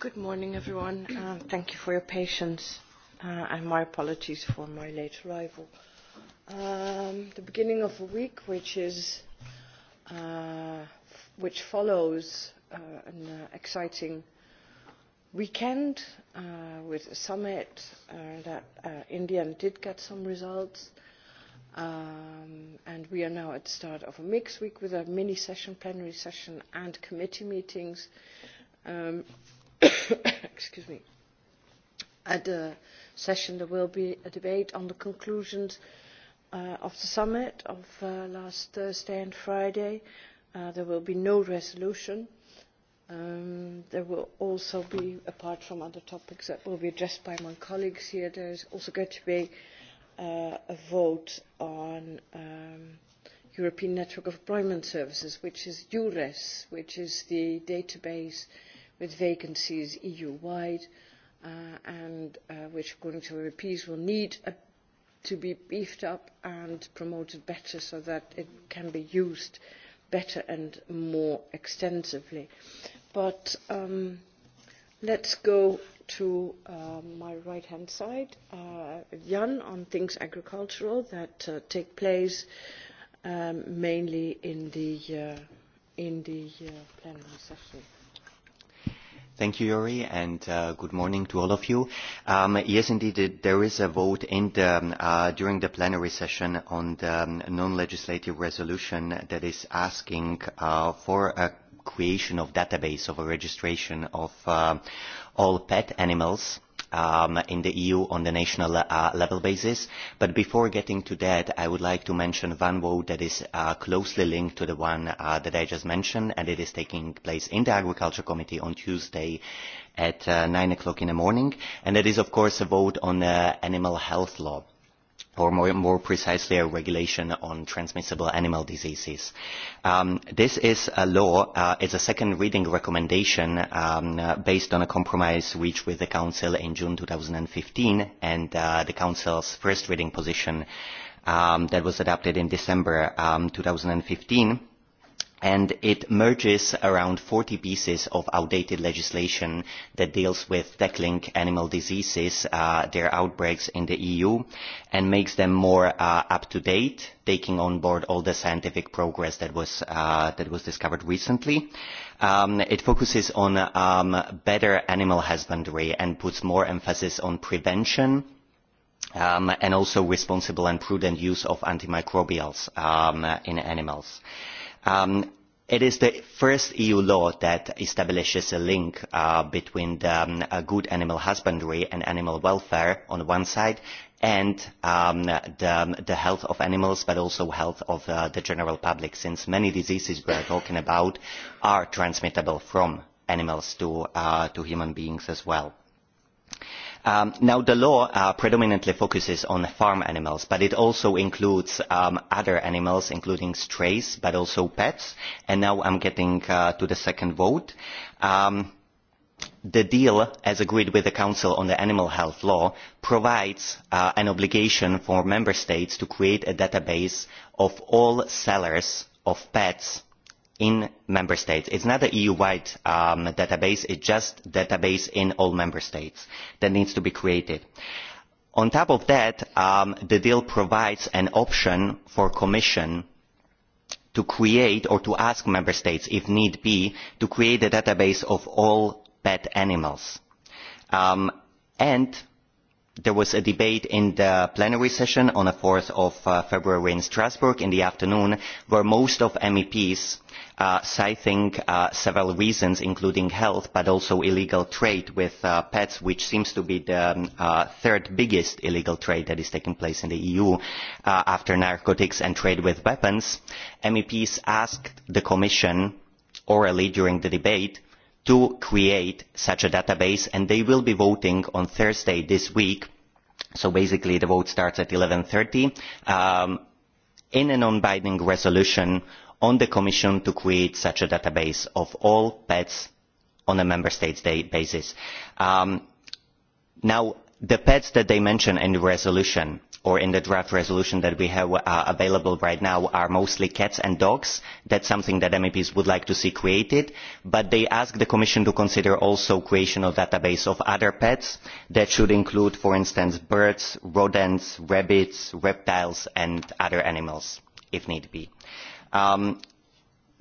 Good morning, everyone. Uh, thank you for your patience uh, and my apologies for my late arrival. Um, the beginning of a week which is uh, which follows uh, an uh, exciting weekend uh, with a summit that uh, in did get some results. Um, and we are now at the start of a mixed week with a mini session, plenary session and committee meetings. Um, excuse me at the session there will be a debate on the conclusions uh, of the summit of uh, last thursday and friday uh, there will be no resolution um, there will also be apart from other topics that will be addressed by my colleagues here there is also going to be a vote on the um, european network of employment services which is eures which is the database with vacancies EU wide uh, and uh, which according to MEPs will need to be beefed up and promoted better so that it can be used better and more extensively. But um, let's go to uh, my right hand side, Jan, on things agricultural that take place um, mainly in the, in the plenary session. Thank you, Yuri, and uh, good morning to all of you. Um, yes, indeed, there is a vote in the, um, uh, during the plenary session on the um, non-legislative resolution that is asking uh, for a creation of database of a registration of uh, all pet animals um, in the EU on the national uh, level basis. But before getting to that, I would like to mention one vote that is uh, closely linked to the one uh, that I just mentioned, and it is taking place in the Agriculture Committee on Tuesday at uh, 9 o'clock in the morning. And that is, of course, a vote on the uh, animal health law or more, more precisely a regulation on transmissible animal diseases. Um, this is a law, uh, it's a second reading recommendation um, uh, based on a compromise reached with the Council in June 2015 and uh, the Council's first reading position um, that was adopted in December um, 2015 and it merges around 40 pieces of outdated legislation that deals with tackling animal diseases, uh, their outbreaks in the EU, and makes them more uh, up to date, taking on board all the scientific progress that was, uh, that was discovered recently. Um, it focuses on um, better animal husbandry and puts more emphasis on prevention, um, and also responsible and prudent use of antimicrobials um, in animals. Um, it is the first eu law that establishes a link uh, between um, good animal husbandry and animal welfare on one side and um, um, the, health of animals but also health of uh, the general public since many diseases we are talking about are transmittable from animals to uh, human beings as well Um, now the law uh, predominantly focuses on farm animals, but it also includes um, other animals, including strays, but also pets. And now I'm getting uh, to the second vote. Um, the deal as agreed with the council on the animal health law provides uh, an obligation for member states to create a database of all sellers of pets in member states. It's not an EU-wide um, database, it's just a database in all member states that needs to be created. On top of that, um, the deal provides an option for Commission to create or to ask member states, if need be, to create a database of all pet animals. Um, and there was a debate in the plenary session on four of uh, february in strasbourg in the afternoon where most of meps uh, citing uh, several reasons including health but also illegal trade with pets which seems to be the um, third biggest illegal trade that is taking place in the eu after narcotics and trade with weapons meps asked the commission orally during the debate to create such a database and they will be voting on thursday this week so basically the vote starts at 11.30 um, in a non-binding resolution on the commission to create such a database of all pets on a member states day basis. Um, now the pets that they mention in the resolution or in the draft resolution that we have uh, available right now are mostly cats and dogs. That's something that MEPs would like to see created, but they ask the Commission to consider also creation of database of other pets that should include, for instance, birds, rodents, rabbits, reptiles and other animals, if need be. Um,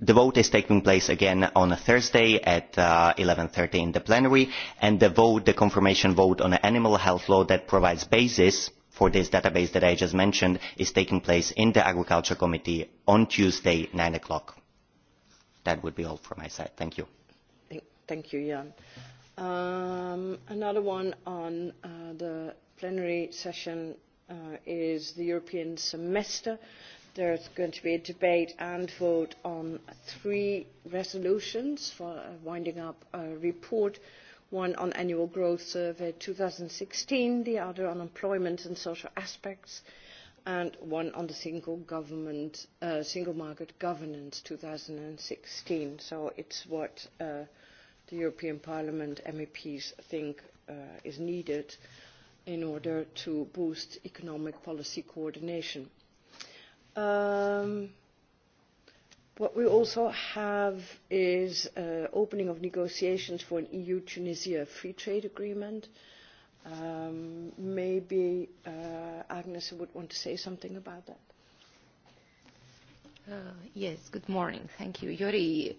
the vote is taking place again on a thursday at uh, eleven thirty in the plenary and the vote the confirmation vote on the animal health law that provides basis for this database that i just mentioned is taking place in the agriculture committee on tuesday nine o'clock. that would be all from my side. thank you. thank you jan. Um, another one on uh, the plenary session uh, is the european semester. There is going to be a debate and vote on three resolutions for uh, winding up a report, one on annual growth survey 2016, the other on employment and social aspects, and one on the single government uh, single market governance 2016 so it's what uh, the european parliament meps think uh, is needed in order to boost economic policy coordination Um, what we also have is uh, opening of negotiations for an eu tunisia free trade agreement um, maybe uh, agnes would want to say something about that Uh, yes, good morning. Thank you. Yuri,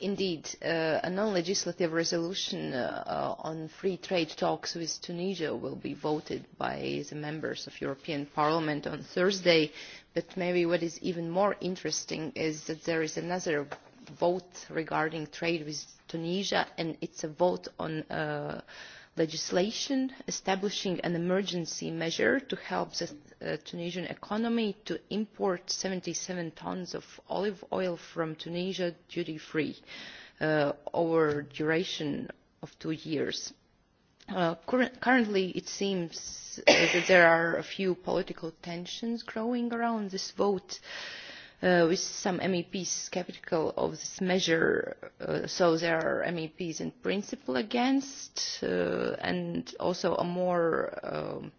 indeed, uh, a non-legislative resolution uh, on free trade talks with Tunisia will be voted by the members of European Parliament on Thursday, but maybe what is even more interesting is that there is another vote regarding trade with Tunisia, and it's a vote on uh, legislation establishing an emergency measure to help the uh, tunisian economy to import seventy seven tonnes of olive oil from tunisia duty free uh, over a duration of two years. Uh, currently it seems that there are a few political tensions growing around this vote. Uh, with some meps sceptical of this measure uh, so there are meps in principle against uh, and also a more um,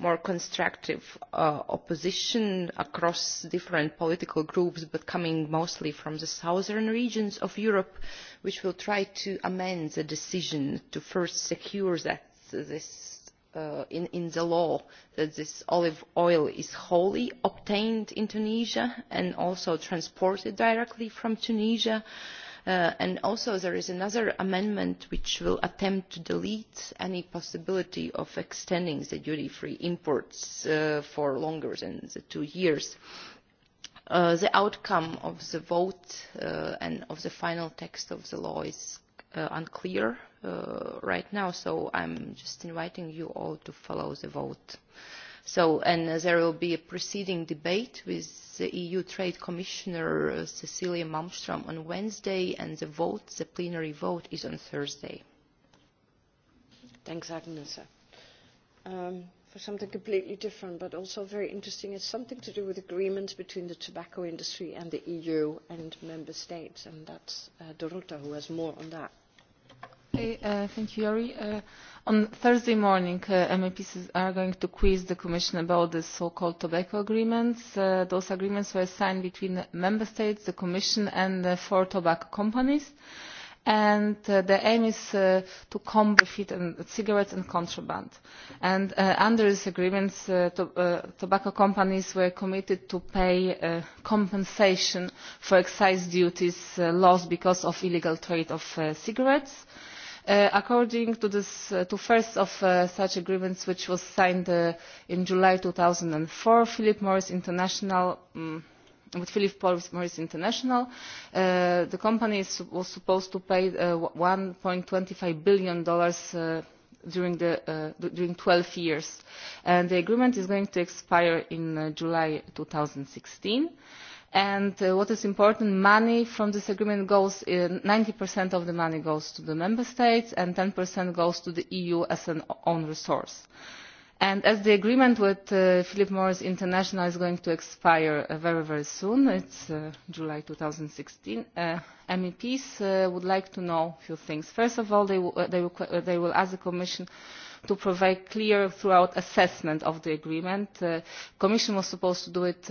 more constructive opposition across different political groups but coming mostly from the southern regions of europe which will try to amend the decision to first secure that this Uh, in, in the law that this olive oil is wholly obtained in tunisia and also transported directly from tunisia uh, and also there is another amendment which will attempt to delete any possibility of extending the duty free imports uh, for longer than the two years. the outcome of the vote and of the final text of the law is Uh, unclear uh, right now, so I'm just inviting you all to follow the vote. So, and uh, there will be a preceding debate with the EU Trade Commissioner Cecilia Malmström on Wednesday, and the vote, the plenary vote, is on Thursday. Thanks, Agnes. Um, for something completely different, but also very interesting, it's something to do with agreements between the tobacco industry and the EU and member states, and that's uh, Dorota who has more on that. Mr uh, uh, on Thursday morning, uh, MEPs are going to quiz the Commission about the so-called tobacco agreements. those agreements were signed between the Member States, the Commission, and the four tobacco companies. And the aim is to combat cigarettes and contraband. under these agreements, tobacco companies were committed to pay compensation for excise duties lost because of illegal trade of cigarettes Uh, according to the uh, first of uh, such agreements which was signed in july two thousand and four philip morris international mm, with philip morris international the company was supposed to pay one twenty five billion dollars during during twelve years and the agreement is going to expire in july two thousand and sixteen and uh, what is important money from this agreement goes uh, ninety of the money goes to the member states and ten goes to the eu as an own resource. And as the agreement with uh, philip morris international is going to expire very very soon it's july two thousand and sixteen meps would like to know a few things. first of all they, they, will, ask the commission to provide clear throughout assessment of the agreement. the commission was supposed to do it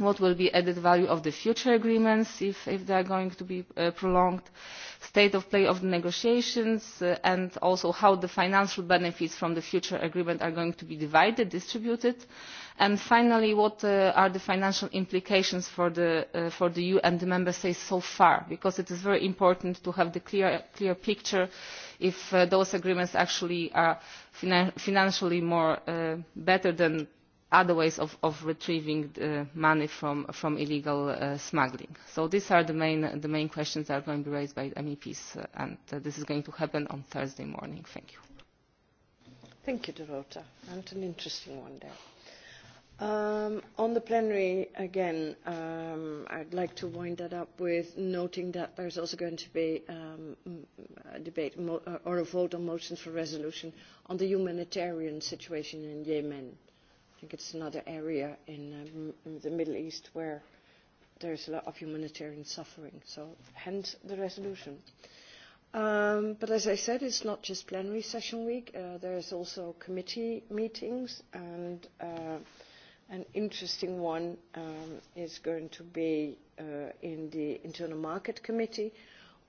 what will be added value of the future agreements if, they are going to be uh, prolonged, state of play of the negotiations, uh, and also how the financial benefits from the future agreement are going to be divided, distributed, and finally what uh, are the financial implications for the, EU and the member states so far, because it is very important to have a clear, picture if those agreements actually are financially more better than other ways of, of retrieving the uh, money from, from illegal uh, smuggling. So these are the main, the main questions that are going to be raised by MEPs, uh, and uh, this is going to happen on Thursday morning. Thank you. Thank you, Dorota. And an interesting one there. Um, on the plenary, again, um, I'd like to wind that up with noting that there's also going to be um, a debate uh, or a vote on motions for resolution on the humanitarian situation in Yemen think it's another area um, in the Middle East where there's a lot of humanitarian suffering. So hence the resolution. Um, but as I said, it's not just plenary session week. Uh, There is also committee meetings, and uh, an interesting one um, is going to be uh, in the Internal Market Committee,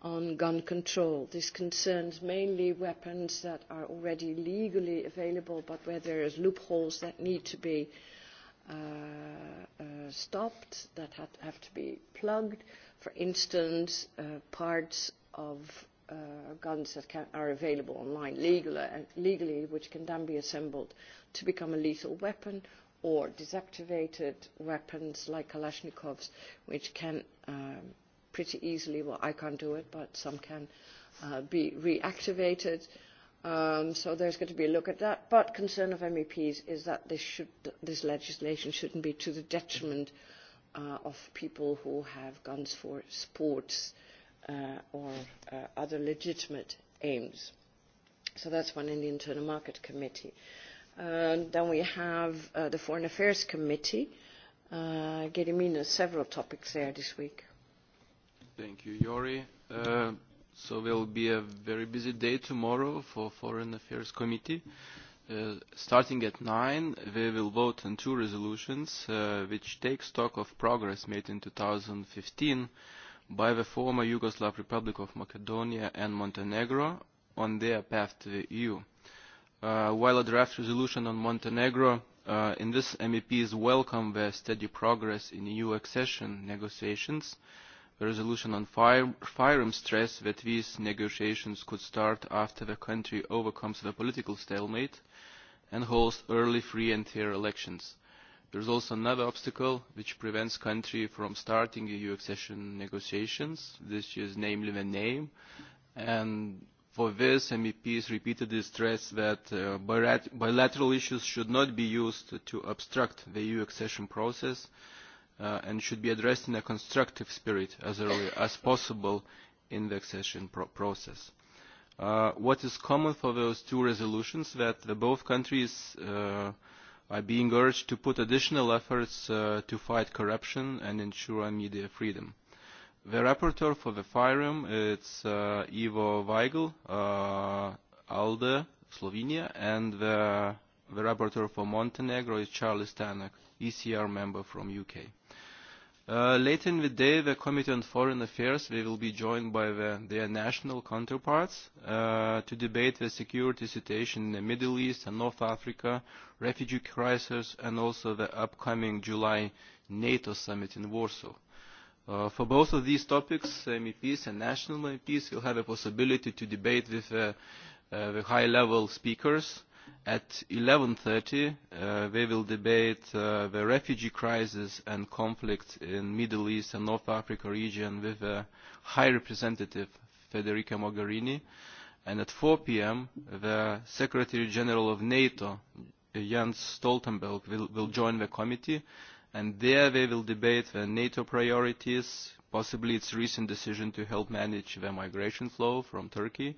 on gun control. This concerns mainly weapons that are already legally available, but where there is loopholes that need to be uh, uh, stopped, that have, to be plugged. For instance, uh, parts of guns that are available online legal, legally, which can then be assembled to become a lethal weapon, or disactivated weapons like Kalashnikovs, which can um, pretty easily. Well, I can't do it, but some can uh, be reactivated. Um, so there's going to be a look at that. But concern of MEPs is that this, should, this legislation shouldn't be to the detriment uh, of people who have guns for sports uh, or uh, other legitimate aims. So that's one in the Internal Market Committee. then we have uh, the Foreign Affairs Committee. Uh, Gedimina, several topics there this week. Thank you, Yori. Uh, so will be a very busy day tomorrow for Foreign Affairs Committee. Uh, starting at 9, we will vote on two resolutions uh, which take stock of progress made in 2015 by the former Yugoslav Republic of Macedonia and Montenegro on their path to the EU. Uh, while a draft resolution on Montenegro, uh, in this MEPs welcome the steady progress in EU accession negotiations, resolution on fire, firearms stress that these negotiations could start after the country overcomes the political stalemate and holds early free and fair elections. There is also another obstacle which prevents country from starting EU accession negotiations. This is namely the name. And for this, MEPs repeatedly stress that uh, bilateral issues should not be used to obstruct the EU accession process Uh, and should be addressed in a constructive spirit as early as possible in the accession pro process. Uh, what is common for those two resolutions that the both countries uh, are being urged to put additional efforts uh, to fight corruption and ensure media freedom. The rapporteur for the FIREM is uh, Ivo Weigel, uh, ALDE, Slovenia, and the, the rapporteur for Montenegro is Charles Stanek, ECR member from UK. Uh, later in the day, the Committee on Foreign Affairs will be joined by the, their national counterparts uh, to debate the security situation in the Middle East and North Africa, refugee crisis, and also the upcoming July NATO summit in Warsaw. Uh, for both of these topics, MEPs and national MEPs will have a possibility to debate with uh, uh, the high-level speakers At 11.30, thirty uh, we will debate uh, the refugee crisis and conflict in the Middle East and North Africa region with uh, High Representative Federica Mogherini. And at 4 p.m., the Secretary General of NATO, Jens Stoltenberg, will, will join the committee. And there they will debate the NATO priorities, possibly its recent decision to help manage the migration flow from Turkey,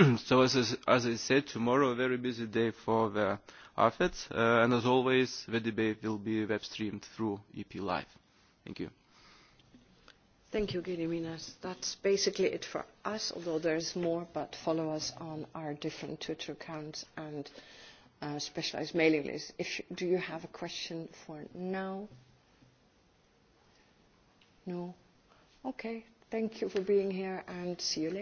so as I, as I said, tomorrow a very busy day for the AFET, uh, and as always, the debate will be web streamed through EP Live. Thank you. Thank you, Gediminas. That's basically it for us, although there's more, but follow us on our different Twitter accounts and uh, specialized mailing lists. If you, do you have a question for now? No? Okay. Thank you for being here, and see you later.